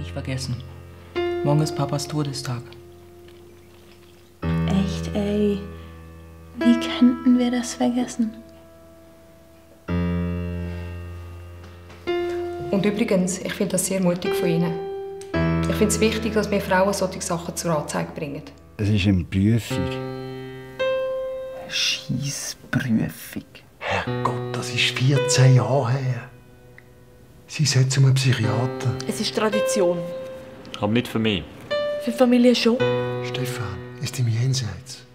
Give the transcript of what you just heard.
nicht vergessen. Morgen ist Papas Todestag. Echt, ey. Wie könnten wir das vergessen? Und übrigens, ich finde das sehr mutig von Ihnen. Ich finde es wichtig, dass wir Frauen solche Sachen zur Anzeige bringen. Es ist eine Prüfung. Scheiß Prüfung. Herrgott, das ist 14 Jahre her. Sie sollte zu einem Psychiater. Es ist Tradition. Aber nicht für mich. Für die Familie schon. Stefan ist im Jenseits.